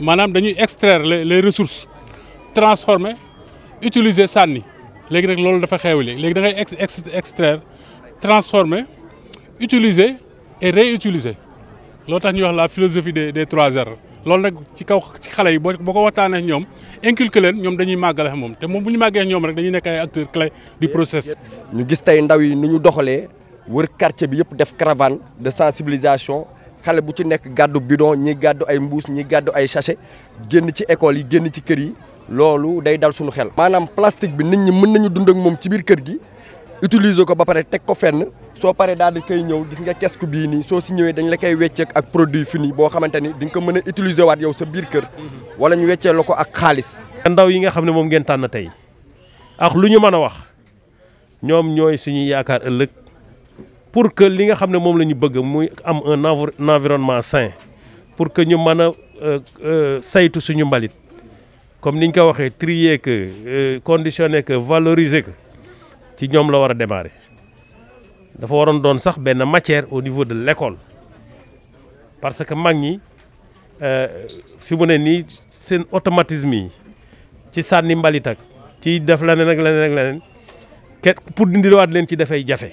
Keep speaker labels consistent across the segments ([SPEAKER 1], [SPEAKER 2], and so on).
[SPEAKER 1] manam dañuy extraire les ressources transformer utiliser sanni léegi rek loolu dafa xeewale léegi da ngay ex extraire transformer utiliser et réutiliser loo tax wax la philosophie des des trois R loolu nak ci kaw ci xalé yi boo waxtane ñom ñoom inculquer leen ñoom dañuy màggale mom te mom buñu ñu ñom rek dañuy nekk ay acteurs du process. ñu gis tay ndaw yi ñu doxalé wër quartier bi yépp def caravane de sensibilisation. xale bu ci nekk gàddu bidon ñi gàddu ay mbuus ñi gàddu ay sachet génn ci école yi génn ci kër yi loolu day dal sunu xel. maanaam plastique bi nit ñi mën nañu dund ak moom ci biir kër gi utiliser ko ba pare teg ko fenn soo paree daal di koy ñëw gis nga kesku bii nii soo si ñëwee dañ la koy wecceek ak produit fini boo xamante ni di ko mën a utiliser waat yow sa biir kër. Mhm. wala ñu weccee la ko ak xaalis. ndaw yi nga xam ne moom ngeen tànn tey ak lu ñu mën a wax ñoom ñooy suñu yaakaar ëllëg. pour que li nga xam mom lañu bëgg muy am un environnement sain pour que ñu mëna euh euh saytu suñu mbalit comme niñ ko waxé trier que euh, conditionner que valoriser que ci ñom la wara démarrer dafa waron doon sax ben matière au niveau de l'école parce que mag ñi euh, fi mu né ni seen automatisme yi ci sànni mbalit ak ci def leneen ak leneen ak leneen pour pour waat leen ci defay jafé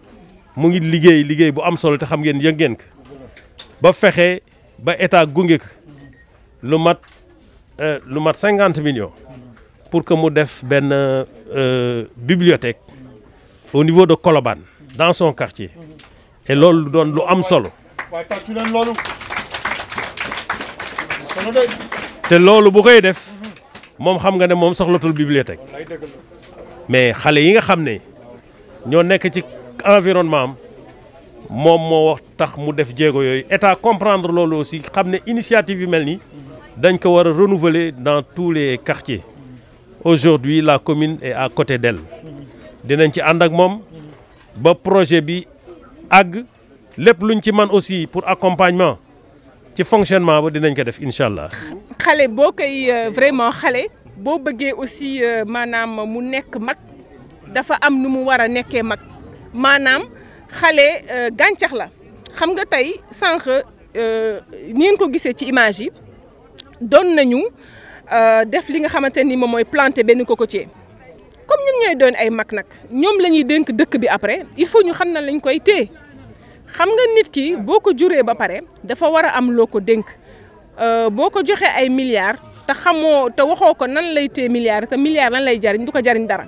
[SPEAKER 1] mungi ngi liggéey bu am solo te xam ngeen yëg ngeen ko ba fexé ba état gunge ko lu mat euh, lu mat cinquante millions pour que mu def euh, bibliothèque au niveau de Colobane dans son quartier et loolu doon lu am solo te loolu bu koy def mom xam nga ne mom soxlatul bibliothèque mais xalé yi nga xamné ne ñoo nekk ci environnement mom mo wax tax mu def jéego yoy état comprendre lolo aussi xamné initiative yu melni dañ ko wara renouveler dans tous les quartiers aujourd'hui la commune est à côté d'elle dinañ ci ànd ak ba projet bi ag, lepp luñ ci man aussi pour accompagnement ci fonctionnement ba dinañ ko def inshallah.
[SPEAKER 2] xalé bokay euh, vraiment xalé bo beugé aussi euh, manam mu nek mak dafa am numu wara war mak maanaam xale euh, gàncax la xam nga tey sànq euh, ni ngeen ko gisee ci image yi doon nañu euh, def li nga xamante ni moom mooy planter benn cocotier comme ñun ñooy doon ay mag nag ñoom la ñuy dénk dëkk bi après il faut ñu xam na lañ koy téye xam nga nit ki boo ko juree ba pare dafa war a am loo ko dénk boo ko joxee ay milliards te xamoo te waxoo ko nan lay téye milliards te milliards lan lay jariñ du ko jariñ dara.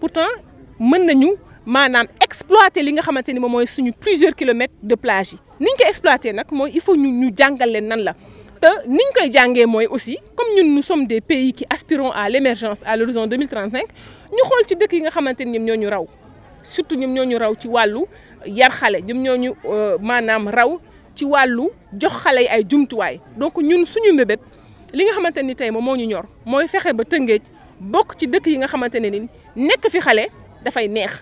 [SPEAKER 2] pourtant nous nañu exploiter plusieurs kilomètres de plage nous. il faut nous aussi comme nous sommes des pays qui aspirons à l'émergence à l'horizon 2035 nous nous dëkk yi nga Nous surtout Nous ñoo ñu raw ci nous yar nous ñoo ñu euh, Nous raw nous jox nous, donc ñun suñu Nous li nga faire des bok ci dëkk yi nga xamante ne ni nekk fi xale dafay neex.